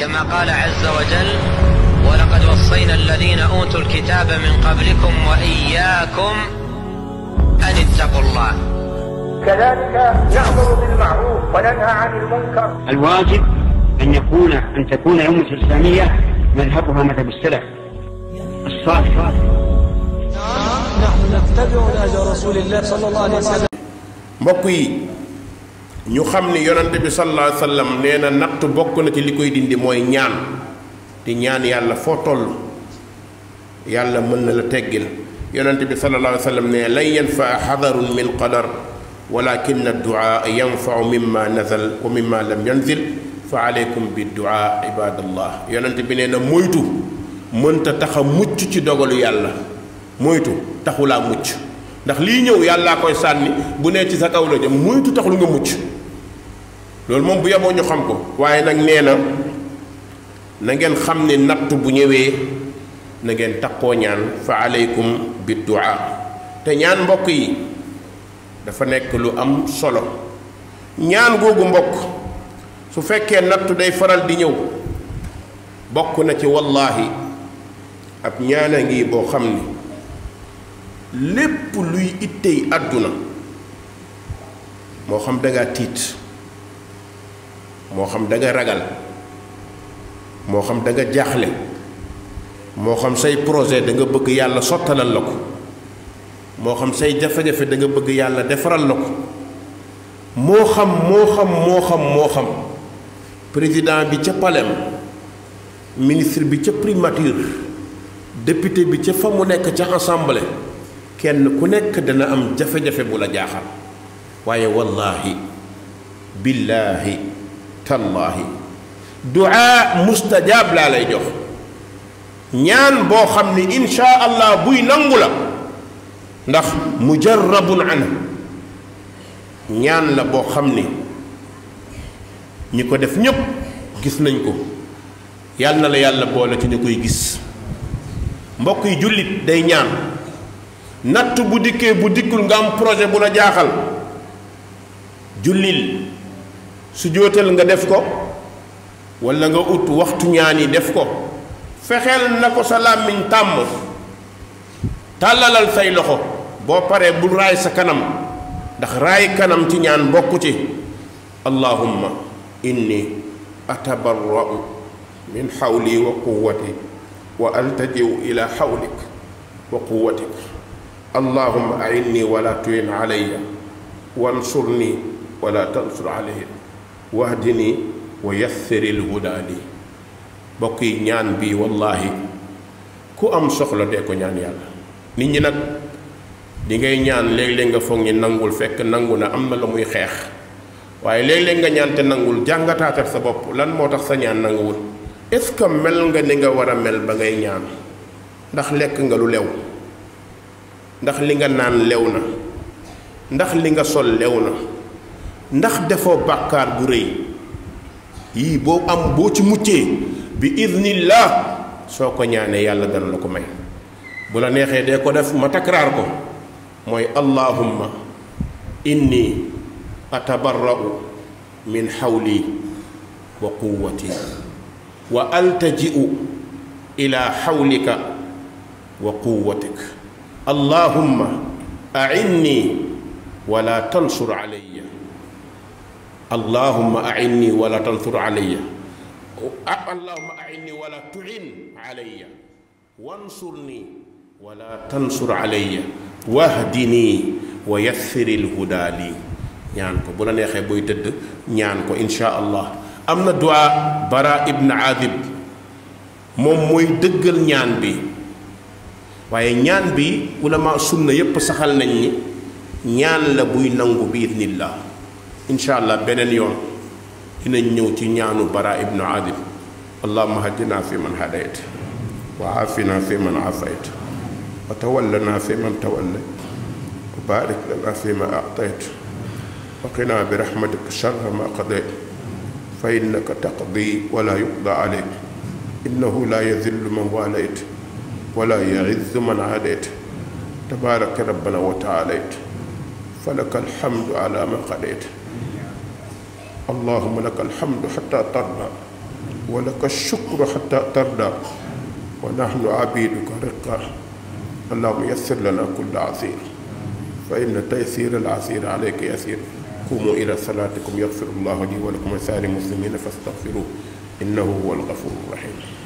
كما قال عز وجل ولقد وصينا الذين أوتوا الكتاب من قبلكم وإياكم أن اتقوا الله كذلك نأمر بالمعروف وننهى عن المنكر الواجب أن يكون أن تكون أمة الإسلامية مذهبها مذهب السلف الصالح نحن نتبع الأجر رسول الله صلى الله عليه وسلم mbokk ñu xam ni yonante bi sallallahu alayhi wasallam nee na natt bokk na ci li koy dindi mooy ñaan di ñaan yàlla foo toll yàlla mën na la teggil yonante bi sallallahu alayhi wasallam nee lan yanfa xadarun min qadar ولكن الدعاء ينفع مما نزل ومما لم ينزل فعليكم بالدعاء عباد الله يونت بي نينا مويتو مونتا تاخا موتش سي دوغلو يالا مويتو تاخولا موچ ndax لي ñew يالا كوي ساني بو ne ci sa kaw la jëm muytu taxul nga loolu moom bu yeboo ñu xam ko waaye nag nee na na ngeen xam ne natt bu ñëwee na ngeen takkoo ñaan fa alaykum bi duaa te ñaan mbokk yi dafa nekk lu am solo ñaan googu mbokk su fekkee natt day faral di ñëw bokk na ci wallahi ab ñaana ngi boo xam ne lépp luy ittey àdduna moo xam da ngaa tiit moo xam da ragal moo xam danga jaaxle moo xam say projet da nga bëgg yàlla sottalal la ko moo xam say jafe-jafe da nga bëgg yàlla defaral na ko moo xam moo xam moo xam moo xam président bi ca palem ministre bi ca primature député bi ca fa mu nekk ca assemblée kenn ku nekk dana am jafe-jafe bu la jaaxal waaye wallaahi billaahi tallaahi duaa mustajaab laa lay jox ñaan boo xam ni insha allah buy nangu la ndax mujarrabun an ñaan la boo xam ni ñi ko def ñépp gis nañ ko yàlla na la yàlla boole ci ñu koy gis mbokk yi jullit day ñaan natt bu dikkee bu dikkul nga am projet bu la jaaxal jullil su nga def ko wala nga ut waxtu ñaani def ko fexel na ko sa làmmiñ tàmm tàllalal say loxo boo paree bul raay sa kanam ndax raay kanam ci ñaan bokku ci allahumma inni atabarra'u min xawli wa quwwati wa altajiu ila xawlik wa quwwatik allahumma a'inni wala tuin alayya wansurni wala tansur alayya wax wahdini wa yassiril hudaa li bokk yi ñaan bi wallaahi ku am soxla dee ko ñaan yàlla nit ñi nag di ngay ñaan léeg-léeg nga foog ñi nanguwul fekk nangu na am na la muy xeex waaye léeg-léeg nga ñaan te nangul jàngataatal sa bopp lan moo tax sa ñaan nanguwul est-ce que mel nga ni nga war a mel ba ngay ñaan ndax lekk nga lu lew ndax li nga naan lew na ndax li nga sol lew na ndax defo bàkkaar bu rëy yi bo am bo ci muccee bi idnillah soko ko yàlla dana la ko may bu la nexé dé ko def ma takrar ko moy allahumma inni atabarra'u min hawli wa quwwati wa altaji'u ila hawlika wa quwwatik allahumma a'inni ولا تنصر عليّ اللهم أعني ولا تنصر علي اللهم أعني ولا تعن علي وانصرني ولا تنصر علي واهدني ويسر الهدى لي ñaan ko bu la neexee booy tëdd ñaan ko insha allah am na dua bara ibn adib moom mooy dëggal ñaan bi waaye ñaan bi ulama sunna yépp saxal nañ ni ñaan la buy nangu bi idnillah ان شاء الله بنن يوم ان نيو تي نيانو برا ابن عادل اللهم هدنا في من هديت وعافنا في من عافيت وتولنا في من توليت وبارك لنا فيما اعطيت وقنا برحمتك شر ما قضيت فانك تقضي ولا يقضى عليك انه لا يذل من واليت ولا يعز من عاديت تبارك ربنا وتعاليت فلك الحمد على ما قضيت اللهم لك الحمد حتى ترضى ولك الشكر حتى ترضى ونحن عبيدك رقة اللهم يسر لنا كل عسير فإن تيسير العسير عليك يسير قوموا إلى صلاتكم يغفر الله لي ولكم وسائر المسلمين فاستغفروه إنه هو الغفور الرحيم